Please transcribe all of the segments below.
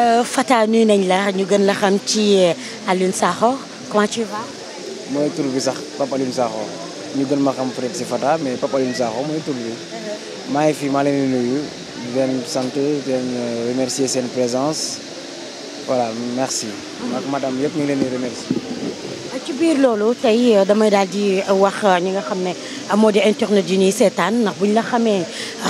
Euh, Fata nuyu nañ la ñu gën la xam ci euh, Alioune Sakho comment tu vas. mooy tur bi sax Pape Alioune Sakho ñu gën ma xam peut si Fata mais Pape Alioune Sakho mooy tur bi uh-huh. maa ngi fi maa leen di nuyu di leen sant euh, seen présence voilà merci. Uh-huh. ak madame yëpp ñu leen di remercier. ci biir loolu tey damay daal di wax ñi nga xam ne moo di internet yu ñuy seetaan ndax bu ñu la xamee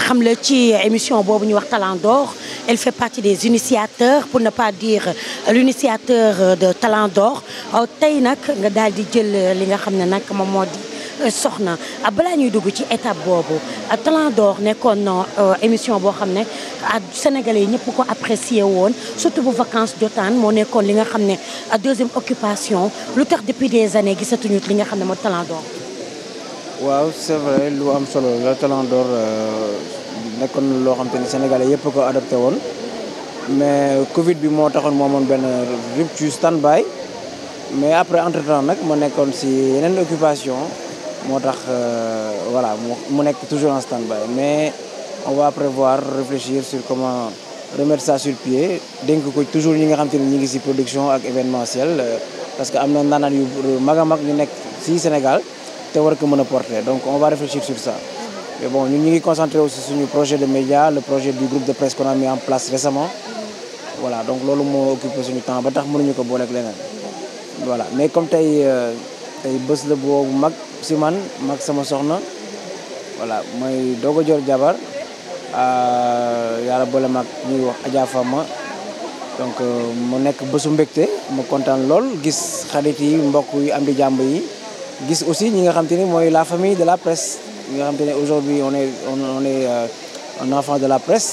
xam la ci émission boobu ñu wax talent d'or Elle fait partie des initiateurs pour ne pas dire euh, l'initiateur euh, de Talent d'Or oh, tey nag nga daal di jël euh, li nga xam ne nag moom moo di soxna ah, balaa ñuy dugg ci étape boobu Talent d'Or nekkoon na émission boo xam ne ah, Sénégalais yi ñëpp ko apprécié woon surtout bu vacances jotaan moo nekkoon li nga xam ne deuxième occupation lu tax depuis des années gisatuñu li nga xam ne moo Talent Talent d'Or nekkoon loo xam te ni sénégalais yëpp ko adopté woon mais Covid bi moo taxoon moo amoon benn rupture standby mais après entre temps nag ma nekkoon si yeneen occupation moo tax euh, voilà mu nekk toujours en standby mais on va prévoir réfléchir sur comment remettre ça sur pied dénk ko toujours ñi nga xam te ni ñi ngi si production ak événementiel euh, parce que am na ndaanaan yu mag a mag ñu nekk si Sénégal te war ko mën a porter donc on va réfléchir sur ça. bon ñun ñu ngi concentré aussi suñu projet de média le projet du groupe de presse qu'on a mis en place récemment voilà donc loolu moo occupé suñu temps ba tax mënuñu ko booleeg leneen voilà mais comme tey euh, tey bés la boobu mag si man mag sama soxna voilà mooy doog jor jabar euh, yàlla boole mag ñuy wax Adja donc euh, mu nekk bésu mbégte mu kontaan lool gis xarit yi mbokk yi am di jàmb yi gis aussi ñi nga xam te ni mooy la famille de la presse nga xam te ne aujourd'hui on est on est euh, de la presse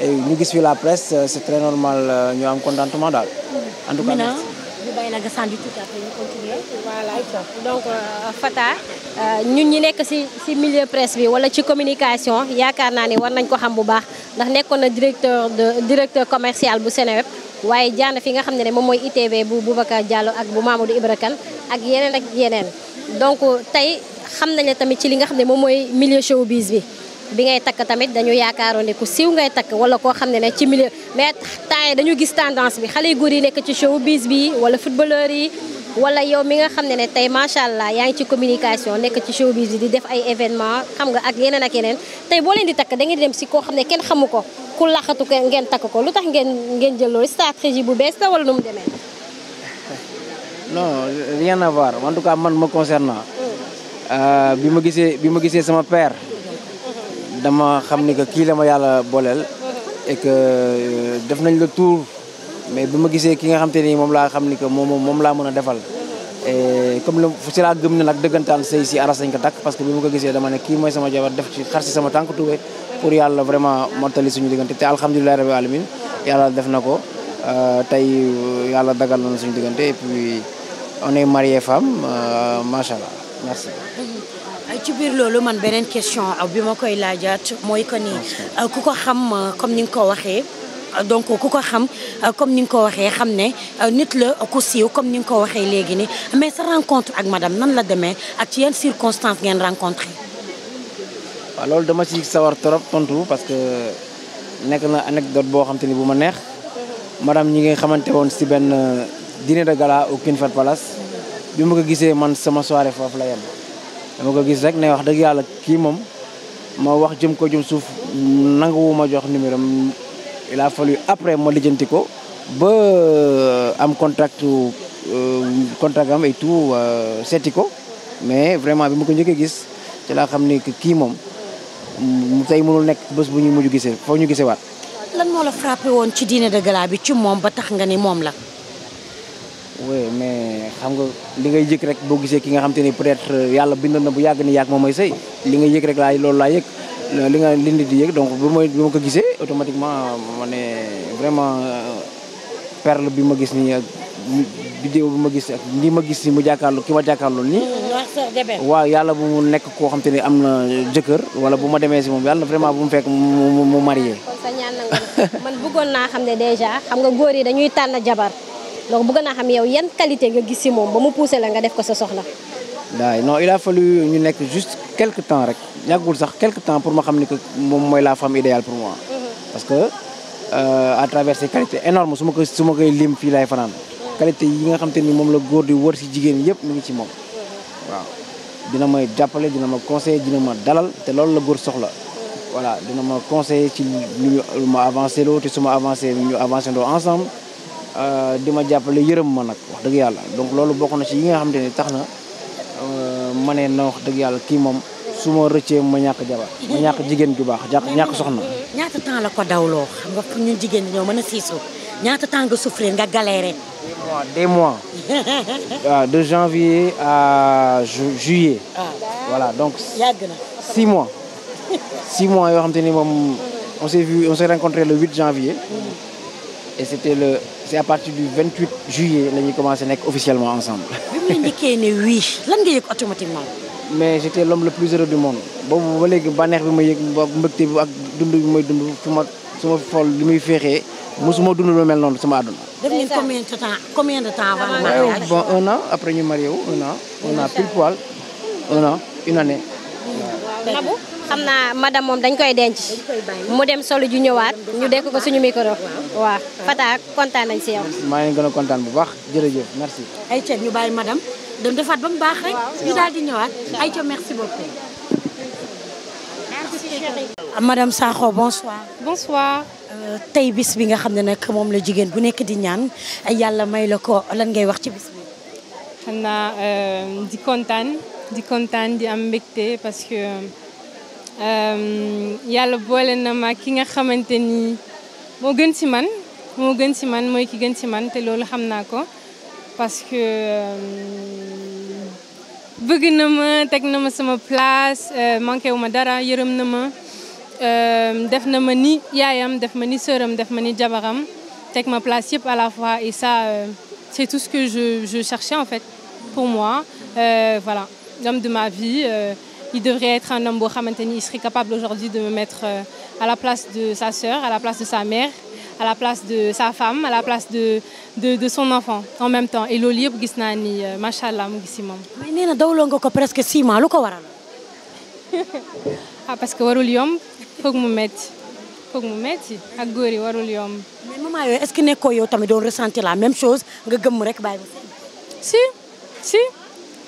et ñu gis fi la presse euh, c'est très normal euh, ñu am contentement daal. en tout cas merci ñu ñu Fata ñun ñi nekk ci ci milieu presse bi wala ci communication yaakaar naa ni war nañ ko xam bu baax ndax nekkoon na directeur de commercial bu Seneweb waaye jaana fi nga xam ne ne moom mooy ITV bu Boubacar Diallo ak bu Mamadou Ibra Kane ak yeneen ak yeneen donc tey. xam nañ la tamit ci li nga xam ne moom mooy milieu showbiz bi bi ngay takk tamit dañu yaakaaroon ne ku siw ngay takk wala koo xam ne ne ci milieu mais temps yi dañu gis tendance bi xale yu góor yi nekk ci showbiz bi wala footballeur yi wala yow mi nga xam ne ne tey macha allah yaa ngi ci communication nekk ci showbiz bi di def ay événement xam nga ak yeneen ak yeneen tey boo leen di takk da ngeen di dem si koo xam ne kenn xamu ko ku laxatu ko ngeen takk ko lu tax ngeen ngeen jël loolu stratégie bu bees la wala nu mu demee non rien à voir en tout cas Euh, bi ma gisee bi ma gisee sama père dama xam ni que kii la ma yàlla booleel et que euh, def nañ la tour mais bi ma gisee ki nga xam te ni moom laa xam ni que moom moom laa mën a defal et comme la si laa gëm na nag dëggantaan sëy si aras sañ ko takk parce que bi ma ko gisee dama ne kii mooy sama jabar def ci xar si sama tànk tubé pour yàlla vraiment mottali suñu diggante te alhamdulilah rabbi alamin yàlla def na ko euh, tey yàlla dagal na suñu diggante et puis on est marié femme macha allah. merci. ci biir loolu man beneen question bi ma koy laajaat mooy que ni euh, ku ko xam euh, comme ni nga ko waxee. Euh, donc ku ko xam comme ni nga ko waxee xam ne nit la ku siiw comme ni nga ko waxee léegi ni mais sa rencontre ak madame nan la demee ak ci yan circonstances ngeen rencontre waaw loolu dama ci sawar trop tontu parce que nekk na anecdote boo xam te ni bu ma neex madame ñi nga xamante woon si benn dîner de gala au King Fahd Palace bi ma ko gisee man sama soirée foofu la yem dama ko gis rek ne wax dëgg yàlla kii moom ma wax jëm ko jëm suuf nanguwu ma jox numéro il a fallu après ma lijjanti ko ba euh, am contact euh, contact am et tout euh, seeti ko mais vraiment bi ma ko njëkkee gis ci laa xam ni que kii moom tey mënul nekk bés bu ñu mujj gisee foo ñu gisee waat. lan moo la frappé woon ci dîner de gala bi ci moom ba tax nga ni moom la. oui mais xam nga li ngay yëg rek boo gisee ki nga xam te ni peut-être euh, yàlla bindoon na bu yàgg ni yàgg moom mooy sëy li nga yëg rek laay loolu laa yëg euh, li nga li nit di yëg donc bu ma bu ma ko gisee automatiquement ma ne vraiment euh, perle bi ma gis nii ak vidéo bi ma gis ni ma gis nii mu jàkkaarloo ki ma jàkkaarloo nii. waaw yàlla bu mu nekk koo xam te ni am na jëkkër wala bu ma demee si moom yàlla vraiment bu mu fekk mu mu marié. man bëggoon naa xam ne déjà xam nga góor yi dañuy tànn jabar. donc bëgg naa xam yow yan qualité nga gis si moom ba mu poussé la nga def ko sa soxla. waaw non il a fallu ñu nekk juste quelque temps rek yàggul sax quelque temps pour ma xam ni que moom mooy la femme idéale pour moi. Mhm. parce que euh, à travers qualité qualités énormes su ma koy lim fii laay fanaan. qualité yi nga xam te ni moom la góor di wër si jigéen yëpp mu ngi ci moom. Mhm. waaw dina may jàppale dina ma conseiller dina ma dalal te loolu la góor soxla. voilà dina ma conseiller ci lu ma avancé loo te su ma avancé ñu avancé ndoo ensemble. Euh, di ma jàppale yërëm ma nag wax dëgg yàlla donc loolu bokk na ci yi nga xamante ni tax na euh, ma ne na wax dëgg yàlla kii moom su ma rëccee ma ñàkk jabar ma ñàkk jigéen ju baax ñàkk soxna. ñaata temps la ko dawloo xam nga ñun jigéen ñoo mën a siisu ñaata temps nga souffrir nga galéré. mois des mois. Ah, de janvier à juillet. Ah. voilà donc. yàgg six mois. six mois yoo xam te ni moom on s'est vu on s'est rencontré le janvier. Mm. et c'était le c'est à partir du 28 juillet la ñuy commencé nekk officiellement ensemble. bi mu la njëkkee ne oui yëg automatiquement. mais j'étais l'homme le plus heureux du monde boobu ba léegi bànneex bi ma yëg mbëgte bi ak dund bi ma dund fu ma su ma fool li muy féexee mosuma dund lu mel noonu sama àdduna. def ngeen euh, bon un an après ñu marié wu un an. une année. xam naa madame moom dañ koy denc mu dem solo ju ñëwaat ñu dekk ko suñu micro waaw Fata kontaan nañ si yow. maa ngi gën kontaan bu baax jërëjëf merci. ayca ñu bàyyi madame dem defaat baax rek ñu di ñëwaat ayca merci beaucoup. madame Sakho bonsoir. Euh, tey bis bi nga xam ne nag moom la jigéen bu nekk di ñaan yàlla may la ko lan ngay wax ci bis bi. xam naa euh, di kontaan di kontaan di am mbégte parce que. Euh, yàlla boole na ma ki nga xamante ni moo gën ci man moo gën ci man mooy ki gën ci man te loolu xam naa ko parce que euh, bëgg na ma teg na ma sama place euh, manqué wu ma dara yërëm na ma def na ma ni yaayam def ma ni seram def ma ni jabaram teg ma place yëpp à la fois et ça c'est tout ce que je je cherchais en fait pour moi euh, voilà l'homme de ma vie il devrait être un homme boo ni il capable aujourd'hui de me mettre euh, à la place de sa sœur à la place de sa mère à la place de sa femme à la place de son enfant en même temps et loolu yëpp gis naa ni euh, macha allah mu ngi si moom. mais nee na dawloo nga ko presque six mois lu ko waral. Ah, parce que warul yomb foog mu metti foog mu metti ak góor yi warul yomb. mais maman yooyu est-ce que nekkoo yow tamit doon ressentir la même chose nga gëmm rek bàyyi si si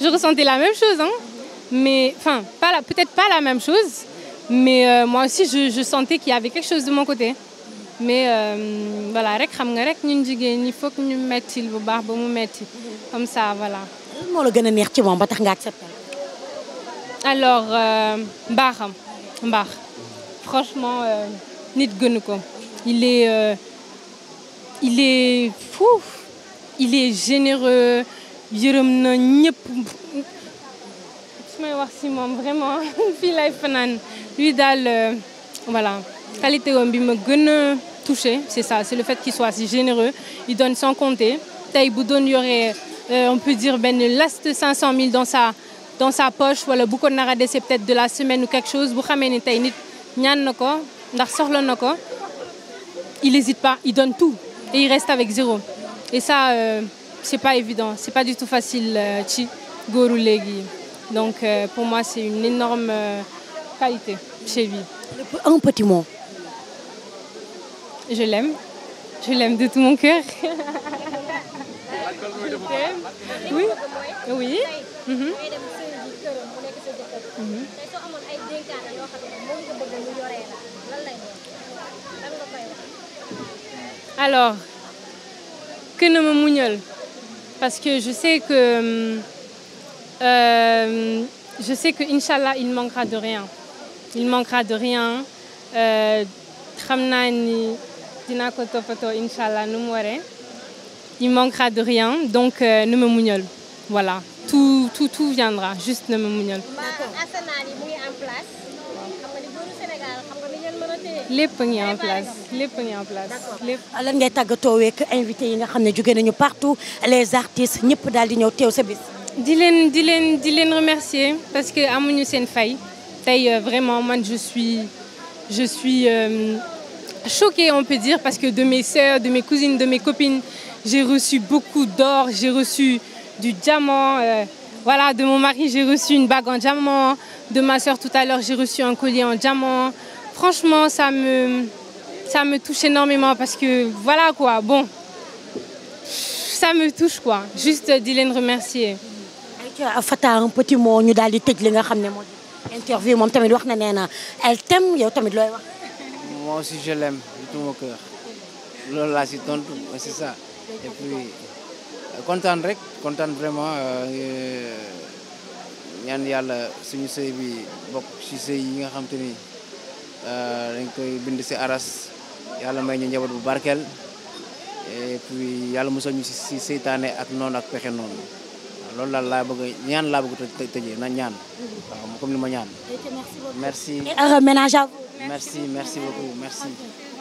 je ressentais la même chose mais enfin, peut-être pas la même chose, mais euh, moi aussi je, je sentais qu'il y avait quelque chose de mon côté. mais euh, voilà rek xam nga rek ñun jigéen ñi foog ñu mettil bu baax ba mu metti comme ça voilà. lan moo la gën a neex ci moom ba tax nga accepté. alors euh, mbaaxam franchement euh, nit gënu ko il est fou il est généreux yërëm na ñëpp. su may wax si moom vraiment fii lay fanaan lui daal euh, voilà qualité woom bi ma gën a touché c'est ça c'est le fait qu'il soit si généreux il donne sans compter tey bu doon yore euh, on peut dire benn last 500 000 dans sa dans sa poche wala bu ko nar a dese de la semaine ou quelque chose bu xamee ni tey nit ñaan na ko ndax soxla na ko il hésite pas il donne tout et il reste avec zéro et ça euh, c'est pas évident c'est pas du tout facile euh, ci góoru léegi Donc euh, pour moi, c'est une énorme euh, qualité chez lui. Je l'aime. Je l'aime de tout mon cœur. oui. Oui. Mhm. Mhm. Alors, que ne me mougnole. Parce que je sais que... Euh, je sais que Inch'Allah il manquera de rien il manquera de rien xam euh, naa ni dinaa ko toppatoo Inch'Allah nu mu waree il manquera de rien donc euh, ne me muñal voilà tout tout tout viendra juste ne me muñal. lépp ngi en place lépp ngi en place lépp. lan ngay tàggatoo ak invité yi nga xam ne jóge nañu partout les artistes ñëpp daal di ñëw teew sa di leen di leen di leen remercier parce que amuñu seen fay tey euh, vraiment man je suis je suis euh, choquée on peut dire parce que de mes sœurs de mes cousines de mes copines j'ai reçu beaucoup d'or j'ai reçu du diamant euh, voilà de mon mari j'ai reçu une bague en diamant de ma sœur tout à l'heure j'ai reçu un collier en diamant franchement ça me touche énormément parce que voilà quoi bon ça me touche quoi juste euh, di leen remercier Fata un petit mot ñu daal di tëj li nga xam ne moo di interview moom tamit wax na nee na elle t'aime yow tamit looy wax. moi aussi je l'aime de tout mon loolu laa si tontu c'est ça et puis kontaan rek kontaan vraiment euh, ñaan yàlla suñu sëy bi bokk ci sëy yi nga xam te ni euh, dañ koy bind si aras yàlla may ñu njaboot bu barkeel et puis yàlla musal ñu si seytaane ak noonu ak pexe noonu. loolu daal laa bëgg ñaan laa bëgg të tëjee na ñaan. waaw comme ni ma ñaan. merci beaucoup merci. et merci merci beaucoup merci.